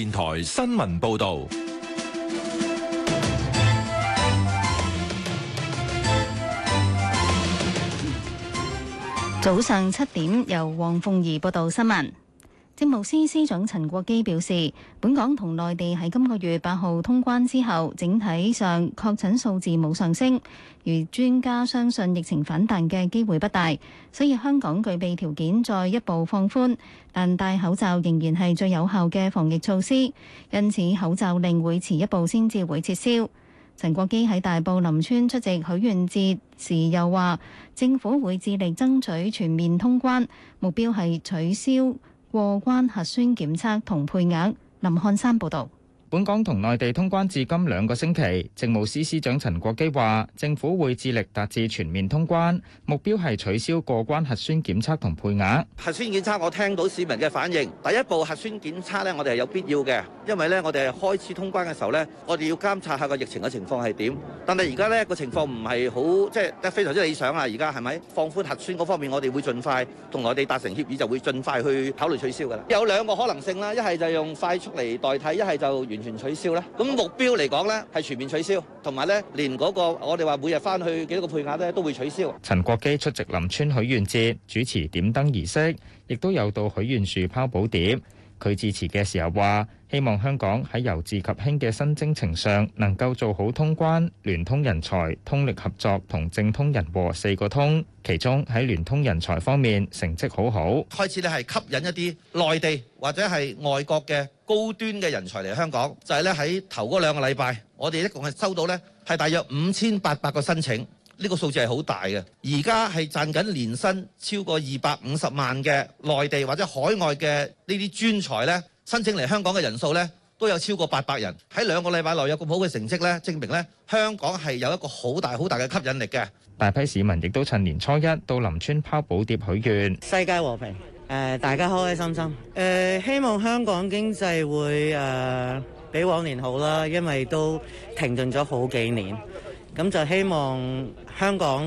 電台新聞報道。早上七點，由黃鳳儀報道新聞。政務司司長陳國基表示，本港同內地喺今個月八號通關之後，整體上確診數字冇上升，如專家相信疫情反彈嘅機會不大，所以香港具備條件再一步放寬。但戴口罩仍然係最有效嘅防疫措施，因此口罩令會遲一步先至會撤銷。陳國基喺大埔林村出席許願節時又話，政府會致力爭取全面通關，目標係取消。過關核酸檢測同配額。林漢山報道。本港同內地通關至今兩個星期，政務司司長陳國基話，政府會致力達至全面通關，目標係取消過關核酸檢測同配額。核酸檢測，我聽到市民嘅反應，第一步核酸檢測呢，我哋係有必要嘅，因為呢，我哋係開始通關嘅時候呢，我哋要監察下個疫情嘅情況係點。但係而家呢個情況唔係好即係非常之理想啊。而家係咪放寬核酸嗰方面，我哋會盡快同內地達成協議，就會盡快去考慮取消㗎啦。有兩個可能性啦，一係就用快速嚟代替，一係就全取消啦，咁目標嚟講咧係全面取消，同埋咧連嗰個我哋話每日翻去幾多個配額咧都會取消。陳國基出席林村許願節主持點燈儀式，亦都有到許願樹拋寶牒。佢致辭嘅時候話：希望香港喺由治及興嘅新征程上，能夠做好通關、聯通人才、通力合作同政通人和四個通。其中喺聯通人才方面，成績好好。開始咧係吸引一啲內地或者係外國嘅高端嘅人才嚟香港，就係咧喺頭嗰兩個禮拜，我哋一共係收到咧係大約五千八百個申請。呢個數字係好大嘅，而家係賺緊年薪超過二百五十萬嘅內地或者海外嘅呢啲專才咧，申請嚟香港嘅人數咧都有超過八百人。喺兩個禮拜內有咁好嘅成績咧，證明咧香港係有一個好大好大嘅吸引力嘅。大批市民亦都趁年初一到林村拋寶牒許願，世界和平，誒、呃、大家開開心心，誒、呃、希望香港經濟會誒、呃、比往年好啦，因為都停頓咗好幾年。咁就希望香港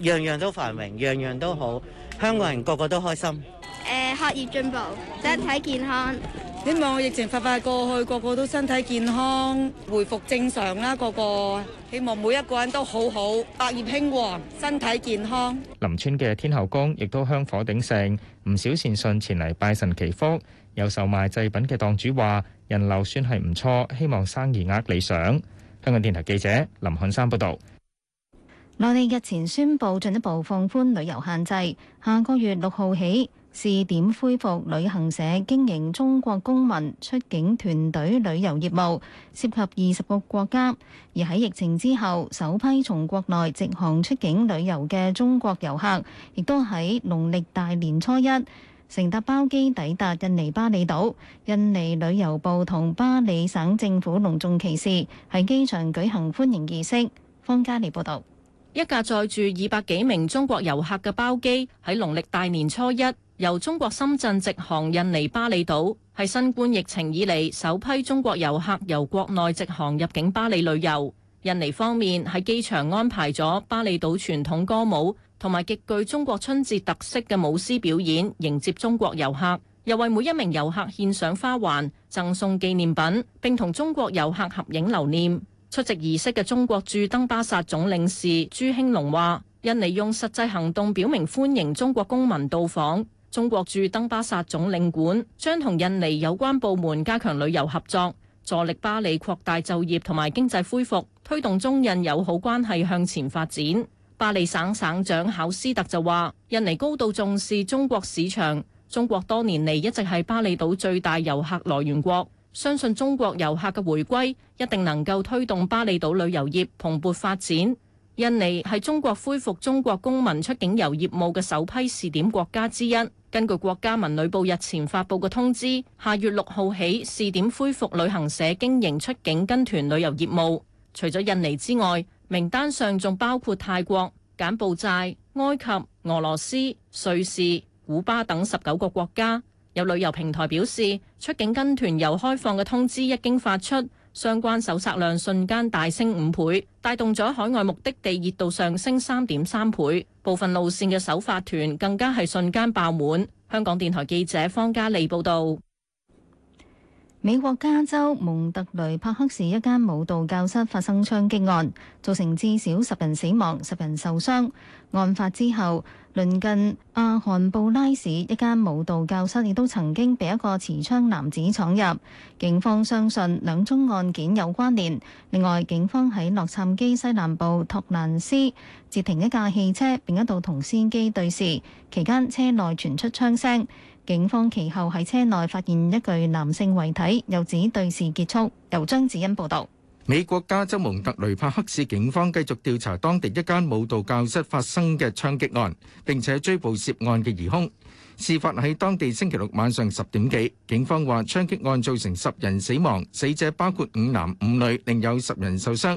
樣樣都繁榮，樣樣都好，香港人個個都開心。誒，學業進步，身體健康。希望疫情快快過去，個個都身體健康，恢復正常啦。個個希望每一個人都好好，百業興旺，身體健康。林村嘅天后宮亦都香火鼎盛，唔少善信前嚟拜神祈福。有售賣祭品嘅檔主話：人流算係唔錯，希望生意額理想。香港電台記者林漢山報道，內地日前宣布進一步放寬旅遊限制，下個月六號起試點恢復旅行社經營中國公民出境團隊旅遊業務，涉及二十個國家。而喺疫情之後，首批從國內直航出境旅遊嘅中國遊客，亦都喺農曆大年初一。乘搭包機抵達印尼巴厘島，印尼旅遊部同巴里省政府隆重其事，喺機場舉行歡迎儀式。方家烈報道。一架載住二百幾名中國遊客嘅包機喺農曆大年初一由中國深圳直航印尼巴厘島，係新冠疫情以嚟首批中國遊客由國內直航入境巴厘旅遊。印尼方面喺機場安排咗巴厘島傳統歌舞。同埋極具中國春節特色嘅舞獅表演，迎接中國遊客，又為每一名遊客獻上花環，贈送紀念品，並同中國遊客合影留念。出席儀式嘅中國駐登巴薩總領事朱興龍話，印尼用實際行動表明歡迎中國公民到訪。中國駐登巴薩總領館將同印尼有關部門加強旅遊合作，助力巴厘擴大就業同埋經濟恢復，推動中印友好關係向前發展。巴厘省省長考斯特就話：印尼高度重視中國市場，中國多年嚟一直係巴厘島最大遊客來源國，相信中國遊客嘅回歸一定能夠推動巴厘島旅遊業蓬勃發展。印尼係中國恢復中國公民出境遊業務嘅首批試點國家之一。根據國家文旅部日前發佈嘅通知，下月六號起試點恢復旅行社經營出境跟團旅遊業務。除咗印尼之外，名單上仲包括泰國、柬埔寨、埃及、俄羅斯、瑞士、古巴等十九個國家。有旅遊平台表示，出境跟團遊開放嘅通知一經發出，相關搜索量瞬間大升五倍，帶動咗海外目的地熱度上升三點三倍，部分路線嘅首發團更加係瞬間爆滿。香港電台記者方嘉莉報道。美國加州蒙特雷帕克市一間舞蹈教室發生槍擊案，造成至少十人死亡、十人受傷。案發之後，鄰近阿罕布拉市一間舞蹈教室亦都曾經被一個持槍男子闖入。警方相信兩宗案件有關聯。另外，警方喺洛杉磯西南部托蘭斯截停一架汽車，並一度同司機對峙，期間車內傳出槍聲。警方其後喺車內發現一具男性遺體，又指對峙結束。由張子欣報導。美國加州蒙特雷帕克市警方繼續調查當地一間舞蹈教室發生嘅槍擊案，並且追捕涉案嘅疑兇。事發喺當地星期六晚上十點幾，警方話槍擊案造成十人死亡，死者包括五男五女，另有十人受傷。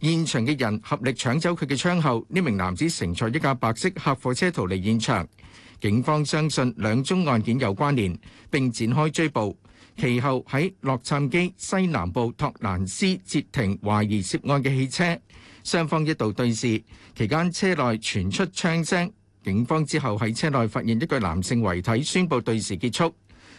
現場嘅人合力搶走佢嘅槍後，呢名男子乘坐一架白色客貨車逃離現場。警方相信兩宗案件有關聯，並展開追捕。其後喺洛杉磯西南部托蘭斯截停懷疑涉，涉案嘅汽車，雙方一度對峙，期間車內傳出槍聲。警方之後喺車內發現一具男性遺體，宣布對峙結束。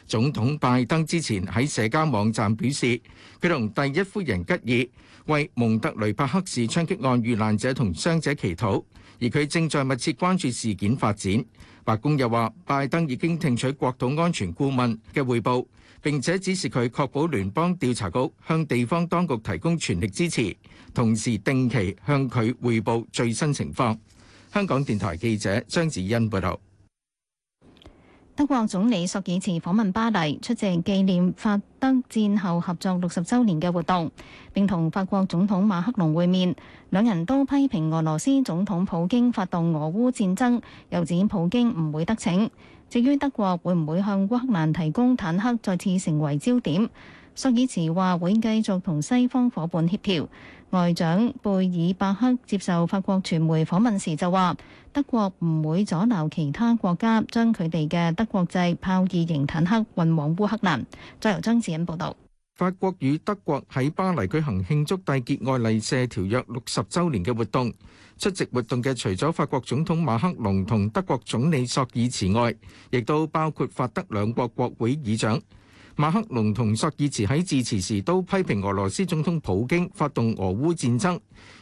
總統拜登之前喺社交網站表示，佢同第一夫人吉爾為蒙特雷帕克市槍擊案遇難者同傷者祈禱，而佢正在密切關注事件發展。白宮又話，拜登已經聽取國土安全顧問嘅匯報，並且指示佢確保聯邦調查局向地方當局提供全力支持，同時定期向佢匯報最新情況。香港電台記者張子欣報道。德國總理索爾茨訪問巴黎，出席紀念法德戰後合作六十周年嘅活動，並同法國總統馬克龍會面。兩人都批評俄羅斯總統普京發動俄烏戰爭，又指普京唔會得逞。至於德國會唔會向烏克蘭提供坦克，再次成為焦點。朔爾茨話會繼續同西方夥伴協調。外長貝爾伯克接受法國傳媒訪問時就話：德國唔會阻撓其他國家將佢哋嘅德國製豹二型坦克運往烏克蘭。再由張志恩報道。法國與德國喺巴黎舉行慶祝締結愛麗舍條約六十週年嘅活動。出席活動嘅除咗法國總統馬克龍同德國總理朔爾茨外，亦都包括法德兩國國會議長。馬克龍同索爾茨喺致辭時都批評俄羅斯總統普京發動俄烏戰爭，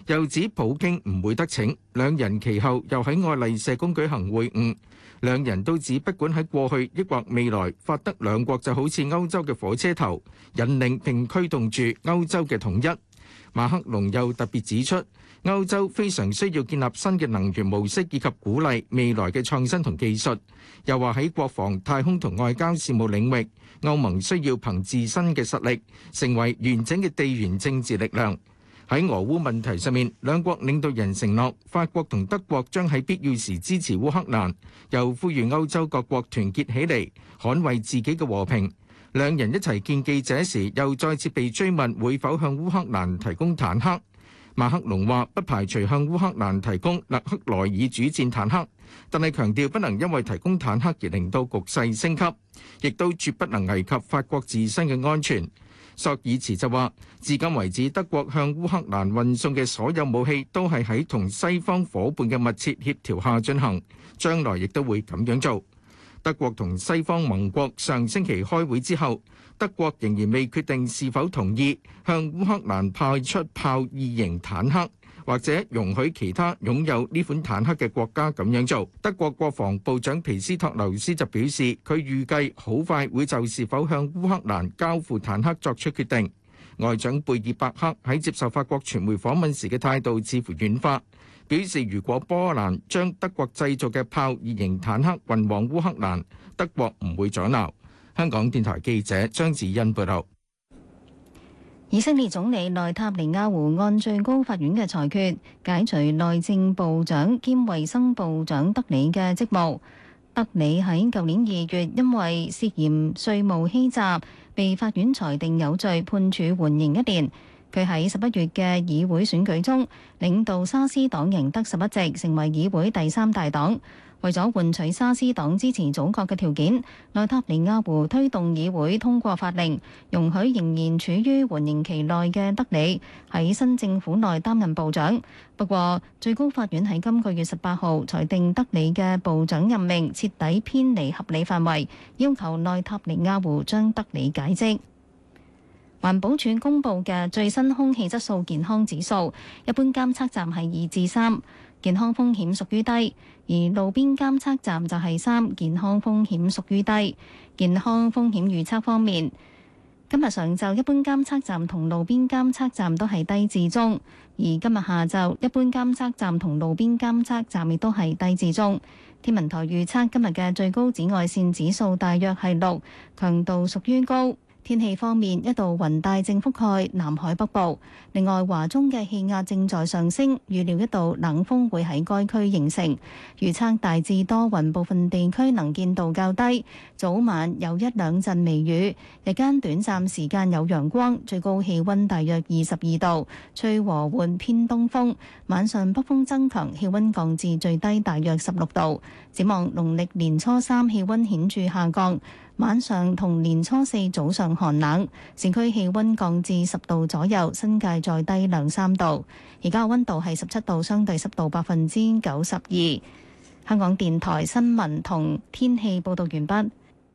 又指普京唔會得逞。兩人其後又喺愛麗舍宮舉行會晤，兩人都指不管喺過去抑或未來，法德兩國就好似歐洲嘅火車頭，引領並驅動住歐洲嘅統一。馬克龍又特別指出，歐洲非常需要建立新嘅能源模式，以及鼓勵未來嘅創新同技術，又話，喺國防太空同外交事務領域，歐盟需要憑自身嘅實力，成為完整的地緣政治力量。喺俄烏問題上面，兩國領導人承諾，法國同德國將喺必要時支持烏克蘭，又呼籲歐洲各國團結起嚟，捍衛自己嘅和平。兩人一齊見記者時，又再次被追問會否向烏克蘭提供坦克。馬克龍話，不排除向烏克蘭提供勒克萊爾主戰坦克，但係強調不能因為提供坦克而令到局勢升級，亦都絕不能危及法國自身嘅安全。索爾茨就話，至今為止，德國向烏克蘭運送嘅所有武器都係喺同西方伙伴嘅密切協調下進行，將來亦都會咁樣做。德國同西方盟國上星期開會之後，德國仍然未決定是否同意向烏克蘭派出豹二型坦克，或者容許其他擁有呢款坦克嘅國家咁樣做。德國國防部長皮斯托留斯就表示，佢預計好快會就是否向烏克蘭交付坦克作出決定。外長貝爾伯克喺接受法國傳媒訪問時嘅態度似乎軟化。表示如果波蘭將德國製造嘅豹二型坦克運往烏克蘭，德國唔會阻撓。香港電台記者張子欣報道。以色列總理內塔尼亞胡按最高法院嘅裁決，解除內政部長兼衞生部長德里嘅職務。德里喺舊年二月因為涉嫌稅務欺詐，被法院裁定有罪，判處緩刑一年。佢喺十一月嘅議會選舉中，領導沙斯黨贏得十一席，成為議會第三大黨。為咗換取沙斯黨支持組閣嘅條件，內塔尼亞胡推動議會通過法令，容許仍然處於緩刑期內嘅德里喺新政府內擔任部長。不過，最高法院喺今個月十八號裁定德里嘅部長任命徹底偏離合理範圍，要求內塔尼亞胡將德里解職。環保署公布嘅最新空氣質素健康指數，一般監測站係二至三，健康風險屬於低；而路邊監測站就係三，健康風險屬於低。健康風險預測方面，今日上晝一般監測站同路邊監測站都係低至中；而今日下晝一般監測站同路邊監測站亦都係低至中。天文台預測今日嘅最高紫外線指數大約係六，強度屬於高。天氣方面，一道雲帶正覆蓋南海北部。另外，華中嘅氣壓正在上升，預料一道冷風會喺該區形成。預測大致多雲，部分地區能見度較低。早晚有一兩陣微雨，日間短暫時間有陽光，最高氣温大約二十二度，吹和緩偏東風。晚上北風增強，氣温降至最低大約十六度。展望農曆年初三，氣温顯著下降。晚上同年初四早上寒冷，市區氣溫降至十度左右，新界再低兩三度。而家嘅溫度係十七度，相對濕度百分之九十二。香港電台新聞同天氣報道完畢。